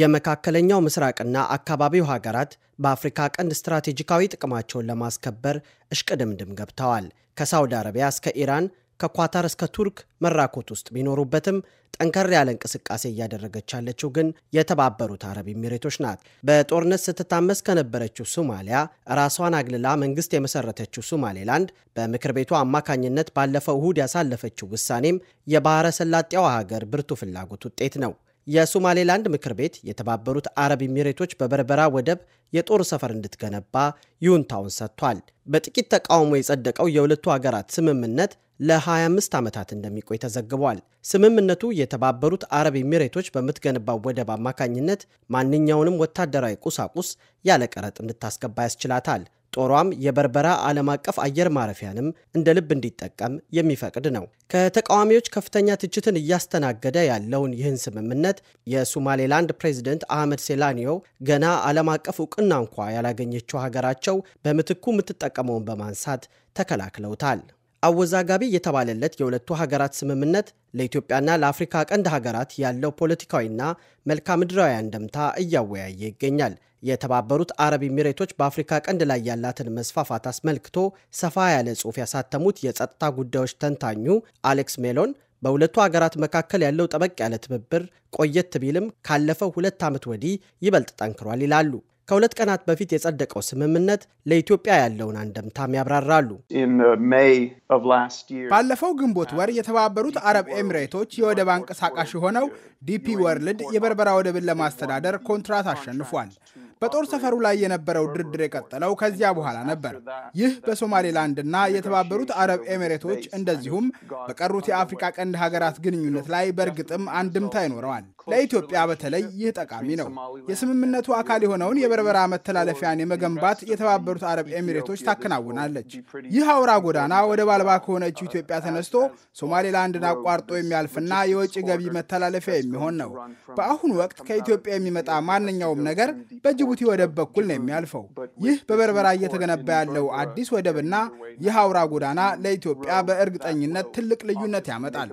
የመካከለኛው ምስራቅና አካባቢው ሀገራት በአፍሪካ ቀንድ ስትራቴጂካዊ ጥቅማቸውን ለማስከበር እሽቅድምድም ገብተዋል። ከሳውዲ አረቢያ እስከ ኢራን፣ ከኳታር እስከ ቱርክ መራኮት ውስጥ ቢኖሩበትም ጠንከር ያለ እንቅስቃሴ እያደረገች ያለችው ግን የተባበሩት አረብ ኤሚሬቶች ናት። በጦርነት ስትታመስ ከነበረችው ሶማሊያ ራሷን አግልላ መንግስት የመሰረተችው ሶማሌላንድ በምክር ቤቱ አማካኝነት ባለፈው እሁድ ያሳለፈችው ውሳኔም የባሕረ ሰላጤዋ ሀገር ብርቱ ፍላጎት ውጤት ነው። የሶማሌላንድ ምክር ቤት የተባበሩት አረብ ኤሚሬቶች በበርበራ ወደብ የጦር ሰፈር እንድትገነባ ይሁንታውን ሰጥቷል። በጥቂት ተቃውሞ የጸደቀው የሁለቱ ሀገራት ስምምነት ለ25 ዓመታት እንደሚቆይ ተዘግቧል። ስምምነቱ የተባበሩት አረብ ኤሚሬቶች በምትገነባው ወደብ አማካኝነት ማንኛውንም ወታደራዊ ቁሳቁስ ያለ ቀረጥ እንድታስገባ ያስችላታል። ጦሯም የበርበራ ዓለም አቀፍ አየር ማረፊያንም እንደ ልብ እንዲጠቀም የሚፈቅድ ነው። ከተቃዋሚዎች ከፍተኛ ትችትን እያስተናገደ ያለውን ይህን ስምምነት የሱማሌላንድ ፕሬዚደንት አህመድ ሴላኒዮ ገና ዓለም አቀፍ እውቅና እንኳ ያላገኘችው ሀገራቸው በምትኩ የምትጠቀመውን በማንሳት ተከላክለውታል። አወዛጋቢ የተባለለት የሁለቱ ሀገራት ስምምነት ለኢትዮጵያና ለአፍሪካ ቀንድ ሀገራት ያለው ፖለቲካዊና መልክዓ ምድራዊ አንደምታ እያወያየ ይገኛል። የተባበሩት አረብ ኤሚሬቶች በአፍሪካ ቀንድ ላይ ያላትን መስፋፋት አስመልክቶ ሰፋ ያለ ጽሑፍ ያሳተሙት የጸጥታ ጉዳዮች ተንታኙ አሌክስ ሜሎን በሁለቱ ሀገራት መካከል ያለው ጠበቅ ያለ ትብብር ቆየት ቢልም ካለፈው ሁለት ዓመት ወዲህ ይበልጥ ጠንክሯል ይላሉ። ከሁለት ቀናት በፊት የጸደቀው ስምምነት ለኢትዮጵያ ያለውን አንደምታም ያብራራሉ። uh, ባለፈው ግንቦት ወር uh, የተባበሩት አረብ ኤሚሬቶች የወደብ አንቀሳቃሽ የሆነው ዲፒ ወርልድ የበርበራ ወደብን ለማስተዳደር ኮንትራት አሸንፏል። በጦር ሰፈሩ ላይ የነበረው ድርድር የቀጠለው ከዚያ በኋላ ነበር። ይህ በሶማሌላንድና የተባበሩት አረብ ኤሚሬቶች እንደዚሁም በቀሩት የአፍሪካ ቀንድ ሀገራት ግንኙነት ላይ በእርግጥም አንድምታ ይኖረዋል። ለኢትዮጵያ በተለይ ይህ ጠቃሚ ነው። የስምምነቱ አካል የሆነውን የበርበራ መተላለፊያን የመገንባት የተባበሩት አረብ ኤሚሬቶች ታከናውናለች። ይህ አውራ ጎዳና ወደብ አልባ ከሆነችው ኢትዮጵያ ተነስቶ ሶማሌላንድን አቋርጦ የሚያልፍና የወጪ ገቢ መተላለፊያ የሚሆን ነው። በአሁኑ ወቅት ከኢትዮጵያ የሚመጣ ማንኛውም ነገር በጅቡቲ ወደብ በኩል ነው የሚያልፈው። ይህ በበርበራ እየተገነባ ያለው አዲስ ወደብና ይህ አውራ ጎዳና ለኢትዮጵያ በእርግጠኝነት ትልቅ ልዩነት ያመጣል።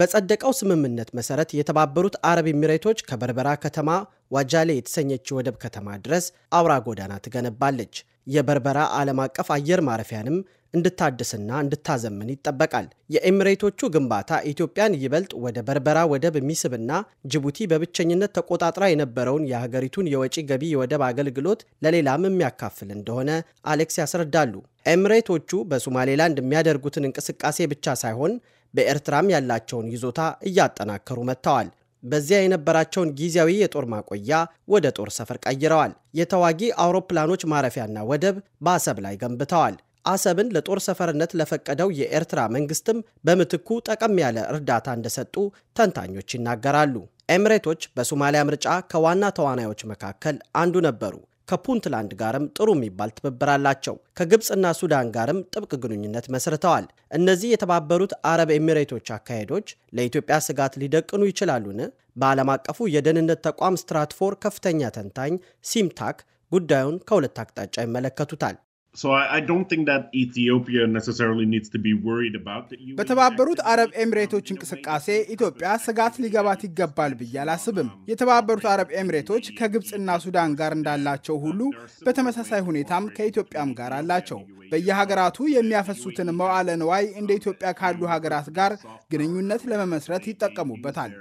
በጸደቀው ስምምነት መሰረት የተባበሩት አረብ ኤሚሬቶች ከበርበራ ከተማ ዋጃሌ የተሰኘች ወደብ ከተማ ድረስ አውራ ጎዳና ትገነባለች። የበርበራ ዓለም አቀፍ አየር ማረፊያንም እንድታድስና እንድታዘምን ይጠበቃል። የኤሚሬቶቹ ግንባታ ኢትዮጵያን ይበልጥ ወደ በርበራ ወደብ የሚስብና ጅቡቲ በብቸኝነት ተቆጣጥራ የነበረውን የሀገሪቱን የወጪ ገቢ የወደብ አገልግሎት ለሌላም የሚያካፍል እንደሆነ አሌክስ ያስረዳሉ። ኤሚሬቶቹ በሶማሌላንድ የሚያደርጉትን እንቅስቃሴ ብቻ ሳይሆን በኤርትራም ያላቸውን ይዞታ እያጠናከሩ መጥተዋል። በዚያ የነበራቸውን ጊዜያዊ የጦር ማቆያ ወደ ጦር ሰፈር ቀይረዋል። የተዋጊ አውሮፕላኖች ማረፊያና ወደብ በአሰብ ላይ ገንብተዋል። አሰብን ለጦር ሰፈርነት ለፈቀደው የኤርትራ መንግስትም በምትኩ ጠቀም ያለ እርዳታ እንደሰጡ ተንታኞች ይናገራሉ። ኤምሬቶች በሶማሊያ ምርጫ ከዋና ተዋናዮች መካከል አንዱ ነበሩ። ከፑንትላንድ ጋርም ጥሩ የሚባል ትብብር አላቸው። ከግብፅና ሱዳን ጋርም ጥብቅ ግንኙነት መስርተዋል። እነዚህ የተባበሩት አረብ ኤሚሬቶች አካሄዶች ለኢትዮጵያ ስጋት ሊደቅኑ ይችላሉን? በዓለም አቀፉ የደህንነት ተቋም ስትራትፎር ከፍተኛ ተንታኝ ሲምታክ ጉዳዩን ከሁለት አቅጣጫ ይመለከቱታል። So I, I don't think that Ethiopia necessarily needs to be worried about the UN. በተባበሩት አረብ ኤምሬቶች እንቅስቃሴ ኢትዮጵያ ስጋት ሊገባት ይገባል ብዬ አላስብም። የተባበሩት አረብ ኤምሬቶች ከግብፅና ሱዳን ጋር እንዳላቸው ሁሉ በተመሳሳይ ሁኔታም ከኢትዮጵያም ጋር አላቸው። በየሀገራቱ የሚያፈሱትን መዋለ ንዋይ እንደ ኢትዮጵያ ካሉ ሀገራት ጋር ግንኙነት ለመመስረት ይጠቀሙበታል።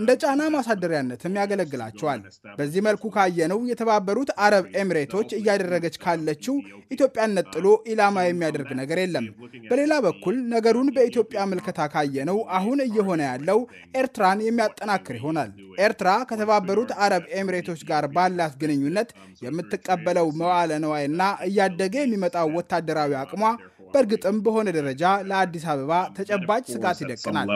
እንደ ጫና ማሳደሪያነትም ያገለግላቸዋል። በዚህ መልኩ ካየነው የተባበሩት አረብ ኤሚሬቶች እያደረገች ካለችው ኢትዮጵያን ነጥሎ ኢላማ የሚያደርግ ነገር የለም። በሌላ በኩል ነገሩን በኢትዮጵያ ምልከታ ካየነው አሁን እየሆነ ያለው ኤርትራን የሚያጠናክር ይሆናል። ኤርትራ ከተባበሩት አረብ ኤሚሬቶች ጋር ባላት ግንኙነት የምትቀበለው መዋለ ነዋይና እያደገ የሚመጣው ወታደራዊ አቅሟ በእርግጥም በሆነ ደረጃ ለአዲስ አበባ ተጨባጭ ስጋት ይደቅናል።